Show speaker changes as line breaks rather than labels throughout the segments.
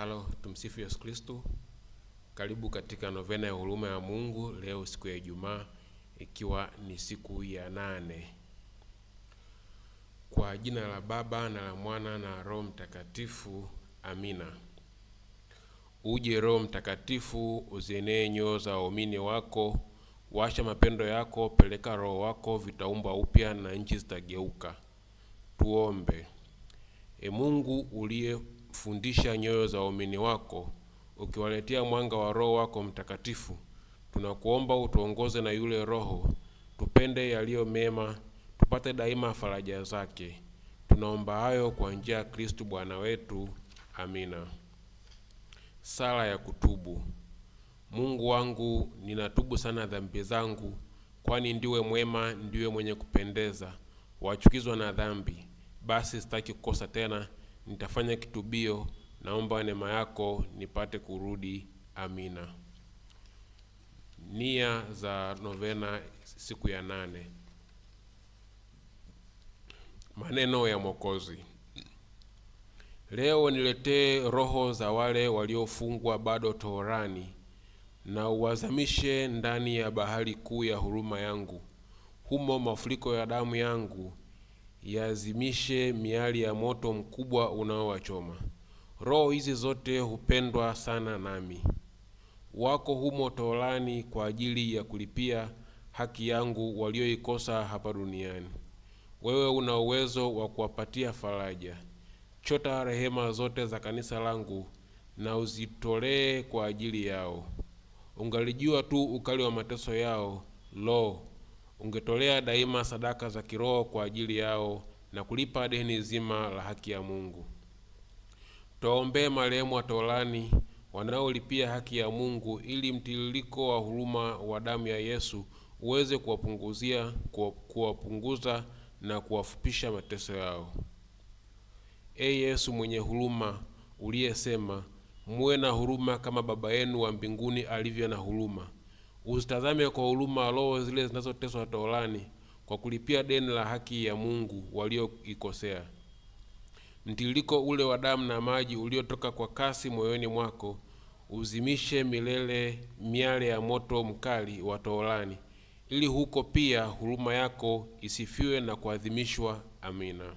Halo, tumsifu Yesu Kristo. Karibu katika novena ya huruma ya Mungu leo siku ya Ijumaa, ikiwa ni siku ya nane. Kwa jina la Baba na la Mwana na Roho Mtakatifu, amina. Uje Roho Mtakatifu, uzienee nyoyo za waumini wako, washa mapendo yako, peleka Roho wako, vitaumbwa upya na nchi zitageuka. Tuombe. E Mungu uliye fundisha nyoyo za waumini wako ukiwaletea mwanga wa Roho wako Mtakatifu. Tunakuomba utuongoze na yule Roho, tupende yaliyo mema, tupate daima faraja zake. Tunaomba hayo kwa njia ya Kristu Bwana wetu. Amina. Sala ya kutubu. Mungu wangu, ninatubu sana dhambi zangu, kwani ndiwe mwema, ndiwe mwenye kupendeza, wachukizwa na dhambi. Basi sitaki kukosa tena nitafanya kitubio, naomba neema yako nipate kurudi. Amina. Nia za novena siku ya nane. Maneno ya Mwokozi. Leo niletee roho za wale waliofungwa bado toharani, na uwazamishe ndani ya bahari kuu ya huruma yangu. Humo mafuriko ya damu yangu yazimishe miali ya moto mkubwa unaowachoma. Roho hizi zote hupendwa sana nami, wako humo toharani kwa ajili ya kulipia haki yangu walioikosa hapa duniani. Wewe una uwezo wa kuwapatia faraja. Chota rehema zote za kanisa langu na uzitolee kwa ajili yao. Ungalijua tu ukali wa mateso yao, lo ungetolea daima sadaka za kiroho kwa ajili yao na kulipa deni zima la haki ya Mungu. Twaombee marehemu wa Tolani wanaolipia haki ya Mungu ili mtiririko wa huruma wa damu ya Yesu uweze kuwapunguzia kuwapunguza na kuwafupisha mateso yao. E Yesu mwenye huruma, uliyesema muwe na huruma kama Baba yenu wa mbinguni alivyo na huruma Uzitazame kwa huruma roho zile zinazoteswa toharani kwa kulipia deni la haki ya Mungu walioikosea. Mtiririko ule wa damu na maji uliotoka kwa kasi moyoni mwako uzimishe milele miale ya moto mkali wa toharani, ili huko pia huruma yako isifiwe na kuadhimishwa. Amina.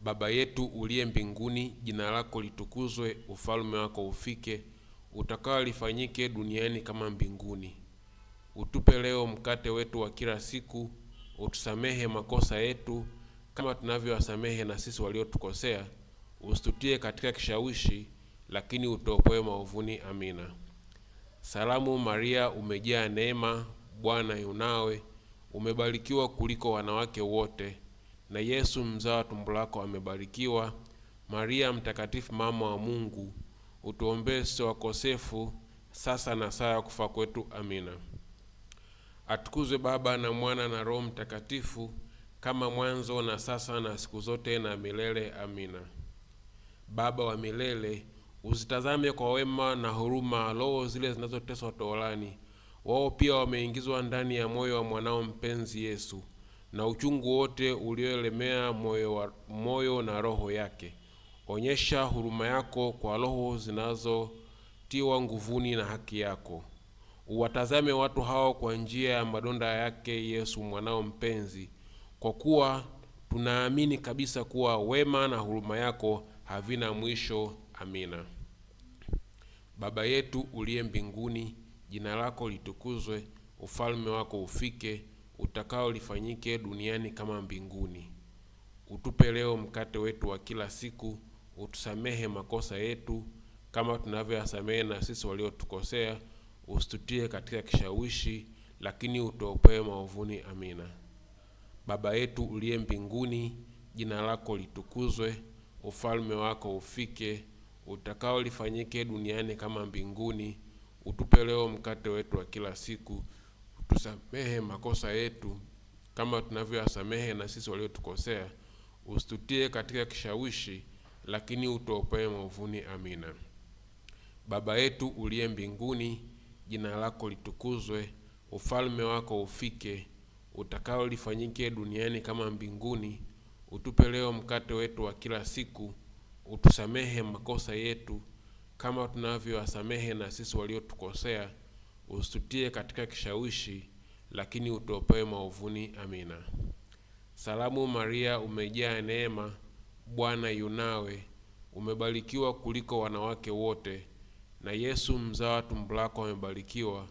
Baba yetu uliye mbinguni, jina lako litukuzwe, ufalme wako ufike utakalo lifanyike duniani kama mbinguni. Utupe leo mkate wetu wa kila siku, utusamehe makosa yetu kama tunavyowasamehe na sisi waliotukosea, usitutie katika kishawishi, lakini utuopoe maovuni. Amina. Salamu Maria, umejaa neema, Bwana yu nawe, umebarikiwa kuliko wanawake wote, na Yesu mzao wa tumbo lako amebarikiwa. Maria mtakatifu, mama wa Mungu, utuombee sisi wakosefu sasa na saa ya kufa kwetu. Amina. Atukuzwe Baba na Mwana na Roho Mtakatifu, kama mwanzo na sasa na siku zote na milele. Amina. Baba wa milele, uzitazame kwa wema na huruma roho zile zinazoteswa toolani wao pia wameingizwa ndani ya moyo wa mwanao mpenzi Yesu, na uchungu wote ulioelemea moyo, moyo na roho yake Onyesha huruma yako kwa roho zinazotiwa nguvuni na haki yako. Uwatazame watu hao kwa njia ya madonda yake Yesu mwanao mpenzi, kwa kuwa tunaamini kabisa kuwa wema na huruma yako havina mwisho. Amina. Baba yetu uliye mbinguni, jina lako litukuzwe, ufalme wako ufike, utakao lifanyike duniani kama mbinguni. Utupe leo mkate wetu wa kila siku utusamehe makosa yetu kama tunavyoyasamehe na sisi waliotukosea, usitutie katika kishawishi, lakini utuopoe maovuni. Amina. Baba yetu uliye mbinguni, jina lako litukuzwe, ufalme wako ufike, utakao lifanyike duniani kama mbinguni. Utupe leo mkate wetu wa kila siku, utusamehe makosa yetu kama tunavyoyasamehe na sisi waliotukosea, usitutie katika kishawishi lakini utuopoe maovuni. Amina. Baba yetu uliye mbinguni, jina lako litukuzwe, ufalme wako ufike, utakalo lifanyike duniani kama mbinguni. Utupe leo mkate wetu wa kila siku, utusamehe makosa yetu kama tunavyowasamehe na sisi waliotukosea, usitutie katika kishawishi, lakini utuopoe maovuni. Amina. Salamu Maria, umejaa neema Bwana yunawe, umebarikiwa kuliko wanawake wote, na Yesu mzao tumbo lako amebarikiwa.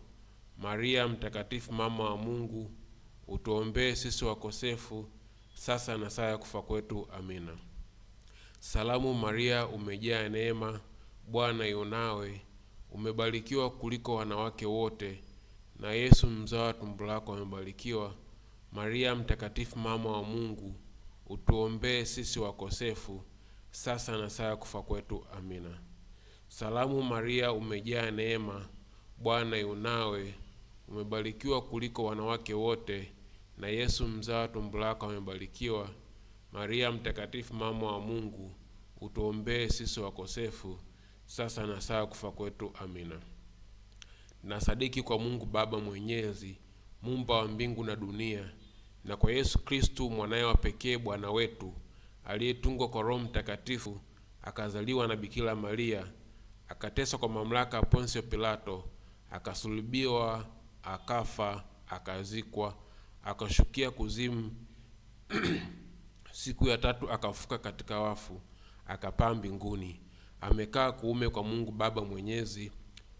Maria mtakatifu, mama wa Mungu, utuombee sisi wakosefu, sasa na saa ya kufa kwetu. Amina. Salamu Maria, umejaa neema, Bwana yunawe, umebarikiwa kuliko wanawake wote, na Yesu mzao wa tumbo lako amebarikiwa. Maria mtakatifu, mama wa Mungu, utuombee sisi wakosefu sasa na saa ya kufa kwetu. Amina. Salamu Maria, umejaa neema, Bwana yunawe, umebarikiwa kuliko wanawake wote, na Yesu mzao tumbo lako amebarikiwa. Maria Mtakatifu, mama wa Mungu, utuombee sisi wakosefu sasa na saa ya kufa kwetu. Amina. Nasadiki kwa Mungu Baba Mwenyezi, muumba wa mbingu na dunia na kwa Yesu Kristu mwanaye wa pekee Bwana wetu aliyetungwa kwa Roho Mtakatifu akazaliwa na Bikira Maria akateswa kwa mamlaka ya Ponsio Pilato akasulubiwa akafa akazikwa akashukia kuzimu siku ya tatu akafuka katika wafu akapaa mbinguni amekaa kuume kwa Mungu Baba Mwenyezi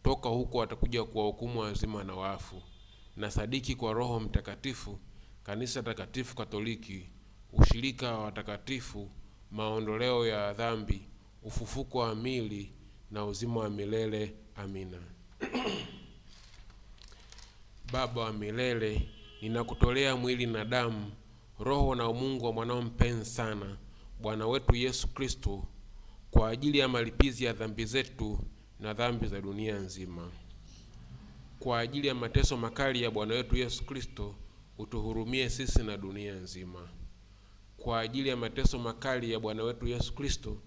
toka huko atakuja kuwahukumu wazima na wafu na sadiki kwa Roho Mtakatifu Kanisa Takatifu Katoliki, ushirika wa watakatifu, maondoleo ya dhambi, ufufuko wa mili na uzima wa milele. Amina. Baba wa milele, ninakutolea mwili na damu, roho na umungu wa mwanao mpenzi sana, Bwana wetu Yesu Kristo, kwa ajili ya malipizi ya dhambi zetu na dhambi za dunia nzima, kwa ajili ya mateso makali ya Bwana wetu Yesu Kristo utuhurumie sisi na dunia nzima. Kwa ajili ya mateso makali ya Bwana wetu Yesu Kristo,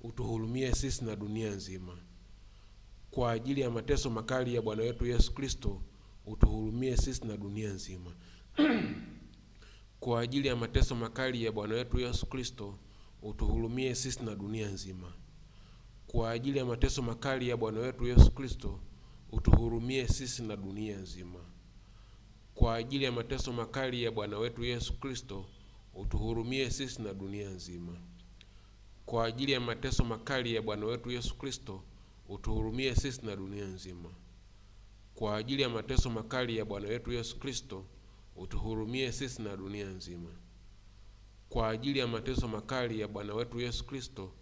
utuhurumie sisi na dunia nzima. Kwa ajili ya mateso makali ya Bwana wetu Yesu Kristo, utuhurumie sisi na dunia nzima. Kwa ajili ya mateso makali ya Bwana wetu Yesu Kristo, utuhurumie sisi na dunia nzima. Kwa ajili ya mateso makali ya Bwana wetu Yesu Kristo, utuhurumie sisi na dunia nzima kwa ajili ya mateso makali ya Bwana wetu Yesu Kristo, utuhurumie sisi na dunia nzima. Kwa ajili ya mateso makali ya Bwana wetu Yesu Kristo, utuhurumie sisi na dunia nzima. Kwa ajili ya mateso makali ya Bwana wetu Yesu Kristo, utuhurumie sisi na dunia nzima. Kwa ajili ya mateso makali ya Bwana wetu Yesu Kristo,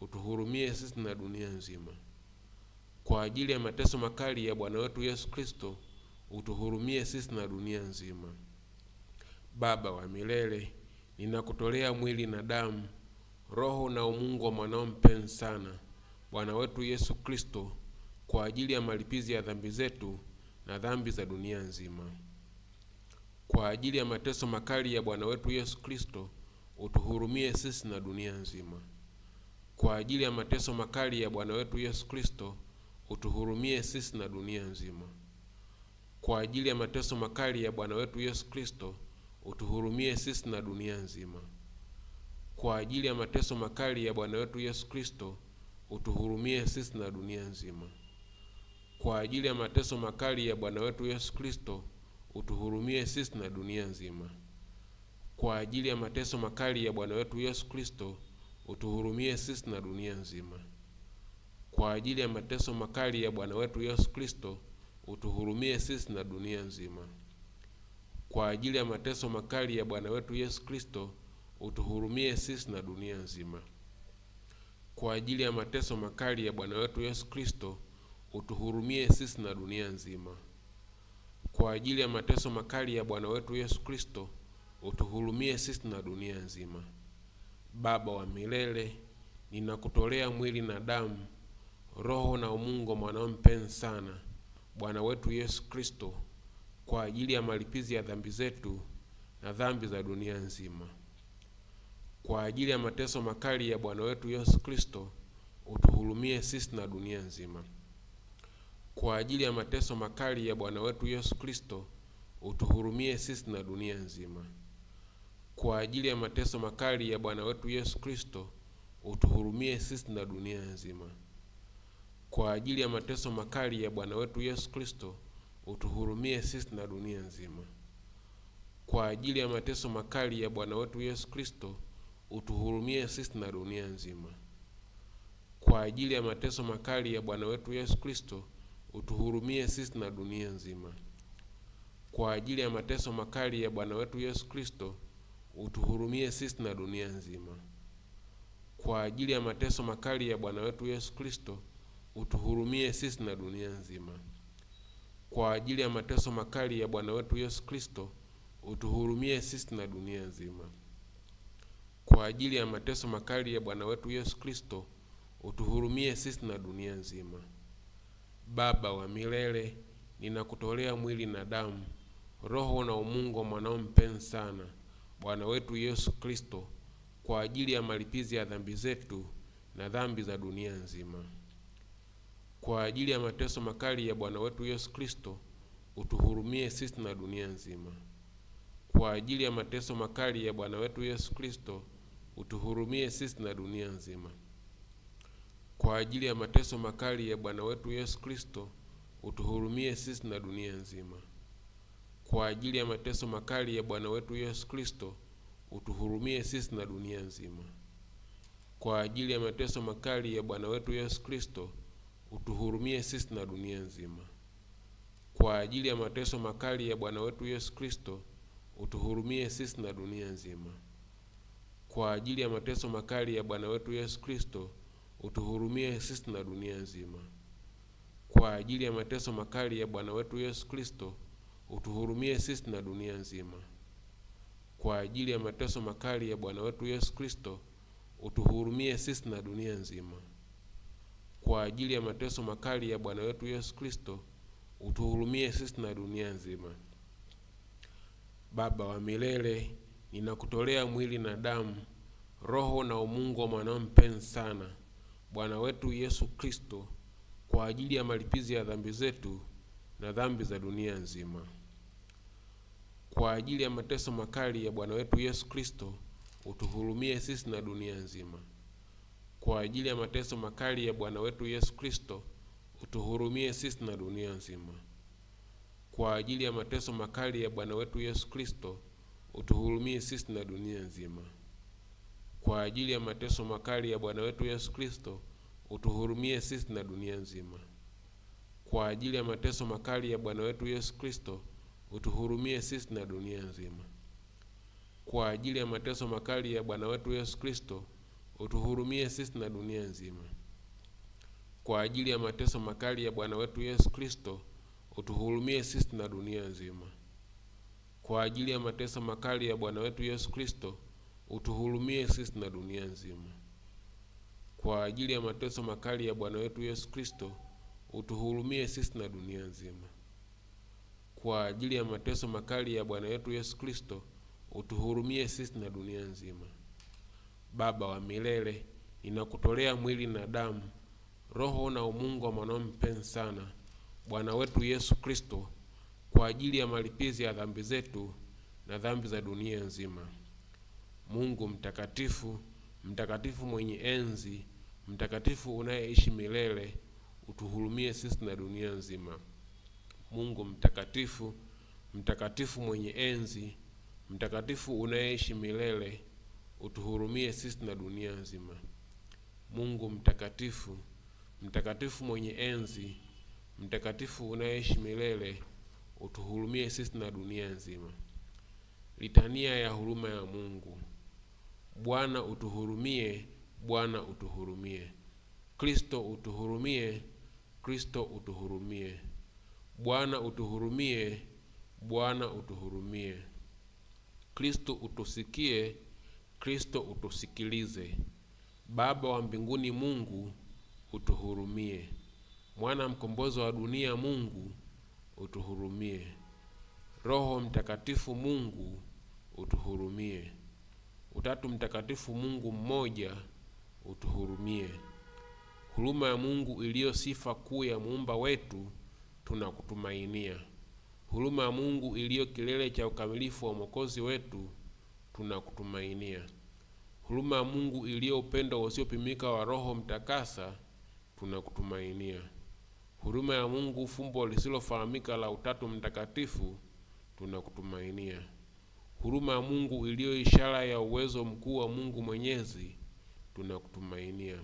utuhurumie sisi na dunia nzima. Kwa ajili ya mateso makali ya Bwana wetu Yesu Kristo utuhurumie sisi na dunia nzima. Baba wa milele, ninakutolea mwili na damu, roho na umungu wa mwanao mpenzi sana, Bwana wetu Yesu Kristo, kwa ajili ya malipizi ya dhambi zetu na dhambi za dunia nzima. Kwa ajili ya mateso makali ya Bwana wetu Yesu Kristo, utuhurumie sisi na dunia nzima. Kwa ajili ya mateso makali ya Bwana wetu Yesu Kristo, utuhurumie sisi na dunia nzima kwa ajili ya mateso makali ya Bwana wetu Yesu Kristo, utuhurumie sisi na dunia nzima. Kwa ajili ya mateso makali ya Bwana wetu Yesu Kristo, utuhurumie sisi na dunia nzima. Kwa ajili ya mateso makali ya Bwana wetu Yesu Kristo, utuhurumie sisi na dunia nzima. Kwa ajili ya mateso makali ya Bwana wetu Yesu Kristo, utuhurumie sisi na dunia nzima. Kwa ajili ya mateso makali ya Bwana wetu Yesu Kristo utuhurumie sisi na dunia nzima. Kwa ajili ya mateso makali ya Bwana wetu Yesu Kristo, utuhurumie sisi na dunia nzima. Kwa ajili ya mateso makali ya Bwana wetu Yesu Kristo, utuhurumie sisi na dunia nzima. Kwa ajili ya mateso makali ya Bwana wetu Yesu Kristo, utuhurumie sisi na dunia nzima. Baba wa milele, ninakutolea mwili na damu, roho na umungo mwanao mpenzi sana Bwana wetu Yesu Kristo kwa ajili ya malipizi ya dhambi zetu na dhambi za dunia nzima. Kwa ajili ya mateso makali ya Bwana wetu Yesu Kristo utuhurumie sisi na dunia nzima. Kwa ajili ya mateso makali ya Bwana wetu Yesu Kristo utuhurumie sisi na dunia nzima. Kwa ajili ya mateso makali ya Bwana wetu Yesu Kristo utuhurumie sisi na dunia nzima kwa ajili ya mateso makali ya Bwana wetu Yesu Kristo, utuhurumie sisi na dunia nzima. Kwa ajili ya mateso makali ya Bwana wetu Yesu Kristo, utuhurumie sisi na dunia nzima. Kwa ajili ya mateso makali ya Bwana wetu Yesu Kristo, utuhurumie sisi na dunia nzima. Kwa ajili ya mateso makali ya Bwana wetu Yesu Kristo, utuhurumie sisi na dunia nzima. Kwa ajili ya mateso makali ya Bwana wetu Yesu Kristo utuhurumie sisi na dunia nzima. Kwa ajili ya mateso makali ya Bwana wetu Yesu Kristo, utuhurumie sisi na dunia nzima. Kwa ajili ya mateso makali ya Bwana wetu Yesu Kristo, utuhurumie sisi na dunia nzima. Baba wa milele, ninakutolea mwili na damu, roho na umungu wa mwanao mpenzi sana, Bwana wetu Yesu Kristo, kwa ajili ya malipizi ya dhambi zetu na dhambi za dunia nzima kwa ajili ya mateso makali ya Bwana wetu Yesu Kristo utuhurumie sisi na dunia nzima. Kwa ajili ya mateso makali ya Bwana wetu Yesu Kristo utuhurumie sisi na dunia nzima. Kwa ajili ya mateso makali ya Bwana wetu Yesu Kristo utuhurumie sisi na dunia nzima. Kwa ajili ya mateso makali ya Bwana wetu Yesu Kristo utuhurumie sisi na dunia nzima. Kwa ajili ya mateso makali ya Bwana wetu Yesu Kristo utuhurumie sisi na dunia nzima. Kwa ajili ya mateso makali ya Bwana wetu Yesu Kristo, utuhurumie sisi na dunia nzima. Kwa ajili ya mateso makali ya Bwana wetu Yesu Kristo, utuhurumie sisi na dunia nzima. Kwa ajili ya mateso makali ya Bwana wetu Yesu Kristo, utuhurumie sisi na dunia nzima. Kwa ajili ya mateso makali ya Bwana wetu Yesu Kristo, utuhurumie sisi na dunia nzima kwa ajili ya mateso makali ya Bwana wetu Yesu Kristo, utuhurumie sisi na dunia nzima. Baba wa milele, ninakutolea mwili na damu, roho na umungu wa mwanao mpenzi sana, Bwana wetu Yesu Kristo, kwa ajili ya malipizi ya dhambi zetu na dhambi za dunia nzima. Kwa ajili ya mateso makali ya Bwana wetu Yesu Kristo, utuhurumie sisi na dunia nzima kwa ajili ya mateso makali ya Bwana wetu Yesu Kristo, utuhurumie sisi na dunia nzima. Kwa ajili ya mateso makali ya Bwana wetu Yesu Kristo, utuhurumie sisi na dunia nzima. Kwa ajili ya mateso makali ya Bwana wetu Yesu Kristo, utuhurumie sisi na dunia nzima. Kwa ajili ya mateso makali ya Bwana wetu Yesu Kristo, utuhurumie sisi na dunia nzima. Kwa ajili ya mateso makali ya Bwana wetu Yesu Kristo utuhurumie sisi na dunia nzima. Kwa ajili ya mateso makali ya Bwana wetu Yesu Kristo, utuhurumie sisi na dunia nzima. Kwa ajili ya mateso makali ya Bwana wetu Yesu Kristo, utuhurumie sisi na dunia nzima. Kwa ajili ya mateso makali ya Bwana wetu Yesu Kristo, utuhurumie sisi na dunia nzima. Kwa ajili ya mateso makali ya Bwana wetu Yesu Kristo, utuhurumie sisi na dunia nzima. Baba wa milele, ninakutolea mwili na damu, roho na umungu wa mwanao mpenzi sana, Bwana wetu Yesu Kristo, kwa ajili ya malipizi ya dhambi zetu na dhambi za dunia nzima. Mungu mtakatifu, mtakatifu mwenye enzi, mtakatifu unayeishi milele, utuhurumie sisi na dunia nzima. Mungu mtakatifu, mtakatifu mwenye enzi, mtakatifu unayeishi milele utuhurumie sisi na dunia nzima. Mungu mtakatifu, mtakatifu mwenye enzi, mtakatifu unayeishi milele, utuhurumie sisi na dunia nzima. Litania ya huruma ya Mungu. Bwana utuhurumie, Bwana utuhurumie. Kristo utuhurumie, Kristo utuhurumie. Bwana utuhurumie, Bwana utuhurumie. Kristo utusikie Kristo utusikilize. Baba wa mbinguni, Mungu utuhurumie. Mwana mkombozi wa dunia, Mungu utuhurumie. Roho Mtakatifu, Mungu utuhurumie. Utatu Mtakatifu, Mungu mmoja utuhurumie. Huruma ya Mungu iliyo sifa kuu ya muumba wetu, tunakutumainia. Huruma ya Mungu iliyo kilele cha ukamilifu wa mwokozi wetu tunakutumainia. Huruma ya Mungu iliyo upendo usiopimika wa Roho Mtakasa, tunakutumainia. Huruma ya Mungu fumbo lisilofahamika la Utatu Mtakatifu, tunakutumainia. Huruma ya Mungu iliyo ishara ya uwezo mkuu wa Mungu Mwenyezi, tunakutumainia.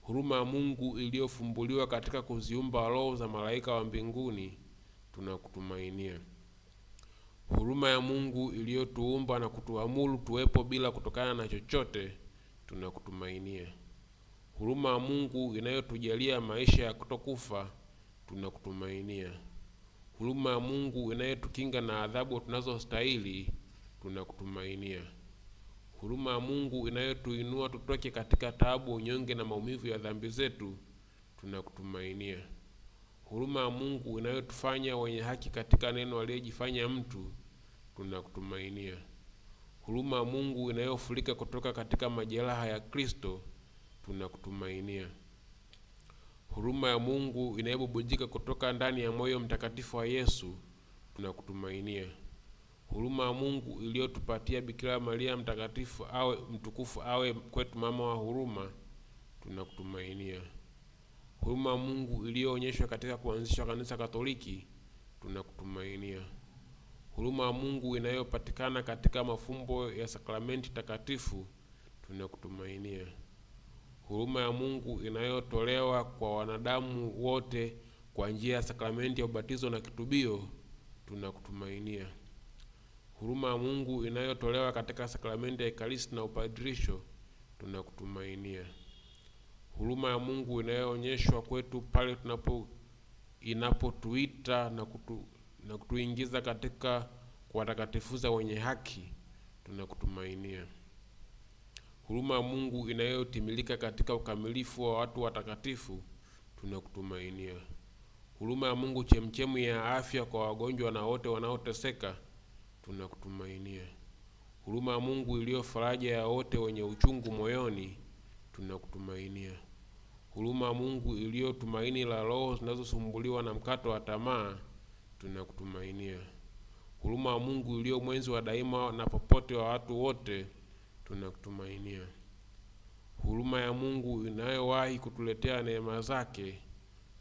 Huruma ya Mungu iliyofumbuliwa katika kuziumba roho za malaika wa mbinguni, tunakutumainia huruma ya Mungu iliyotuumba na kutuamuru tuwepo bila kutokana na chochote, tunakutumainia. Huruma ya Mungu inayotujalia maisha ya kutokufa, tunakutumainia. Huruma ya Mungu inayotukinga na adhabu tunazostahili, tunakutumainia. Huruma ya Mungu inayotuinua tutoke katika taabu, unyonge na maumivu ya dhambi zetu, tunakutumainia huruma ya Mungu inayotufanya wenye haki katika neno aliyejifanya mtu, tunakutumainia. Huruma ya Mungu inayofurika kutoka katika majeraha ya Kristo, tunakutumainia. Huruma ya Mungu inayobubujika kutoka ndani ya moyo mtakatifu wa Yesu, tunakutumainia. Huruma ya Mungu iliyotupatia Bikira Maria mtakatifu awe mtukufu awe kwetu mama wa huruma, tunakutumainia huruma Mungu iliyoonyeshwa katika kuanzishwa kanisa Katoliki tunakutumainia. Huruma ya Mungu inayopatikana katika mafumbo ya sakramenti takatifu tunakutumainia. Huruma ya Mungu inayotolewa kwa wanadamu wote kwa njia ya sakramenti ya ubatizo na kitubio tunakutumainia. Huruma ya Mungu inayotolewa katika sakramenti ya Ekaristi na upadirisho tunakutumainia huruma ya Mungu inayoonyeshwa kwetu pale tunapo inapotuita na, kutu, na kutuingiza katika kuwatakatifuza wenye haki, tunakutumainia. Huruma ya Mungu inayotimilika katika ukamilifu wa watu watakatifu, tunakutumainia. Huruma ya Mungu, chemchemu ya afya kwa wagonjwa na wote wanaoteseka, tunakutumainia. Huruma ya Mungu iliyo faraja ya wote wenye uchungu moyoni, tunakutumainia huruma Mungu iliyo tumaini la roho zinazosumbuliwa na mkato wa tamaa, tunakutumainia. Huruma ya Mungu iliyo mwenzi wa daima na popote wa watu wote, tunakutumainia. Huruma ya Mungu inayowahi kutuletea neema zake,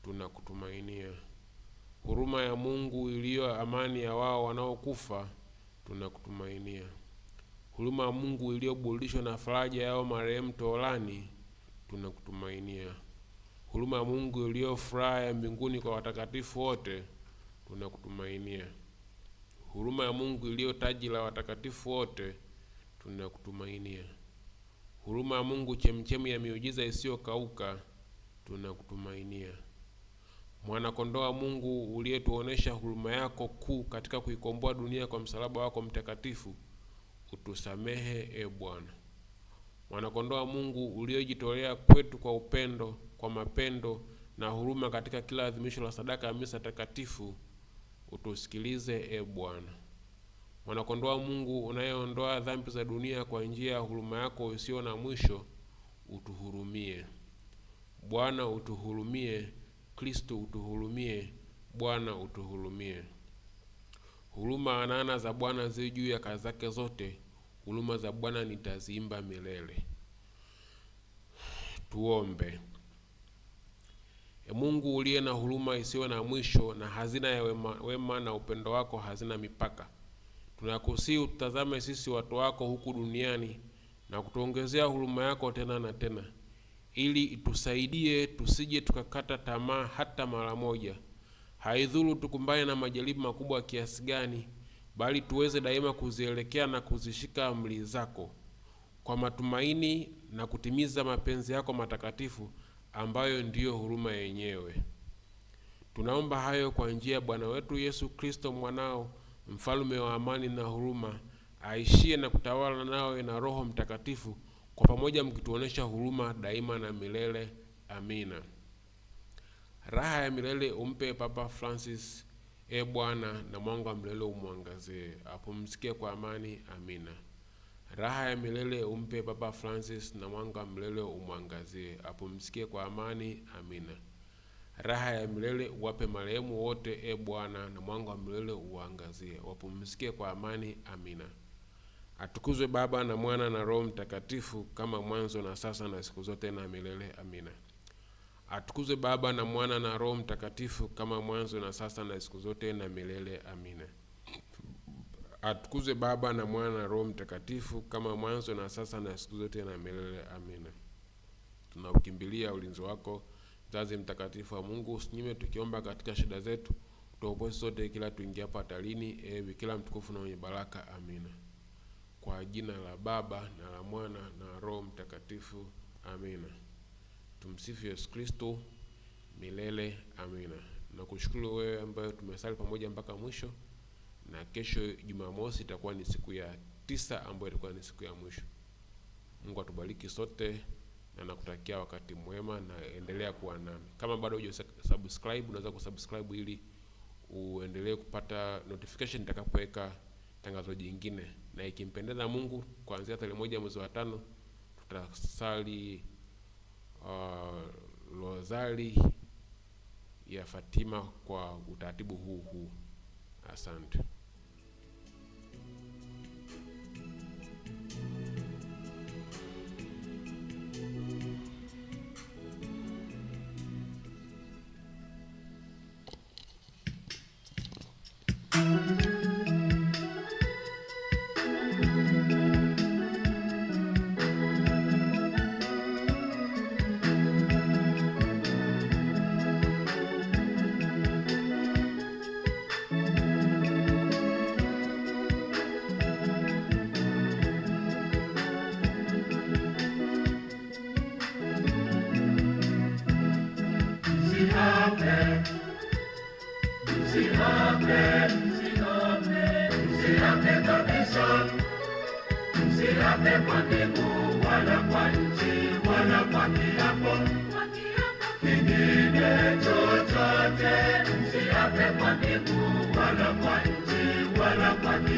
tunakutumainia. Huruma ya Mungu iliyo amani ya wao wanaokufa, tunakutumainia. Huruma ya Mungu iliyoburudishwa na faraja yao marehemu toharani tunakutumainia. Huruma ya Mungu iliyo furaha ya mbinguni kwa watakatifu wote, tunakutumainia. Huruma ya Mungu iliyo taji la watakatifu wote, tunakutumainia. Huruma ya Mungu chemchemi ya miujiza isiyokauka, tunakutumainia. Mwanakondoo wa Mungu uliyetuonesha huruma yako kuu katika kuikomboa dunia kwa msalaba wako mtakatifu, utusamehe e Bwana. Mwanakondoa Mungu uliojitolea kwetu kwa upendo, kwa mapendo na huruma katika kila adhimisho la sadaka ya misa takatifu, utusikilize e Bwana. wanakondoa Mungu unayeondoa dhambi za dunia kwa njia ya huruma yako isiyo na mwisho, utuhurumie Bwana, utuhurumie Kristo, utuhurumie Bwana, utuhurumie. Huruma anana za Bwana zi juu ya kazi zake zote Huruma za Bwana nitaziimba milele. Tuombe. E Mungu uliye na huruma isiyo na mwisho na hazina ya wema, wema na upendo wako hazina mipaka, tunakusihi ututazame sisi watu wako huku duniani na kutuongezea huruma yako tena na tena, ili itusaidie tusije tukakata tamaa hata mara moja, haidhuru tukumbane na majaribu makubwa kiasi gani bali tuweze daima kuzielekea na kuzishika amri zako kwa matumaini na kutimiza mapenzi yako matakatifu ambayo ndiyo huruma yenyewe. Tunaomba hayo kwa njia ya Bwana wetu Yesu Kristo mwanao, mfalume wa amani na huruma, aishie na kutawala nawe na Roho Mtakatifu kwa pamoja, mkituonesha huruma daima na milele. Amina. Raha ya milele umpe Papa Francis E Bwana, na mwanga wa milele umwangazie, apumzike kwa amani. Amina. Raha ya milele umpe Papa Francis, na mwanga wa milele umwangazie, apumzike kwa amani. Amina. Raha ya milele uwape marehemu wote, e Bwana, na mwanga wa milele uwaangazie, wapumzike kwa amani. Amina. Atukuzwe Baba na Mwana na Roho Mtakatifu, kama mwanzo na sasa na siku zote na milele. Amina. Atukuzwe Baba na Mwana na Roho Mtakatifu, kama mwanzo na sasa na siku zote na milele. Amina. Atukuzwe Baba na Mwana na Roho Mtakatifu, kama mwanzo na sasa na siku zote na milele. Amina. Tunaukimbilia ulinzi wako, mzazi mtakatifu wa Mungu, usinyime tukiomba katika shida zetu, tuokoe sote kila tuingiapo patalini, Ewe kila mtukufu na mwenye baraka. Amina. Kwa jina la Baba na la Mwana na Roho Mtakatifu. Amina. Tumsifu Yesu Kristo milele, amina. Nakushukuru wewe ambayo tumesali pamoja mpaka mwisho, na kesho Jumamosi itakuwa ni siku ya tisa ambayo itakuwa ni siku ya mwisho. Mungu atubariki sote na nakutakia wakati mwema, na endelea kuwa nami. Kama bado hujasubscribe, unaweza kusubscribe ili uendelee kupata notification nitakapoweka tangazo jingine, na ikimpendeza Mungu, kuanzia tarehe moja mwezi wa tano tutasali uh, rozari ya Fatima kwa utaratibu huu huu. Asante.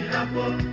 apple.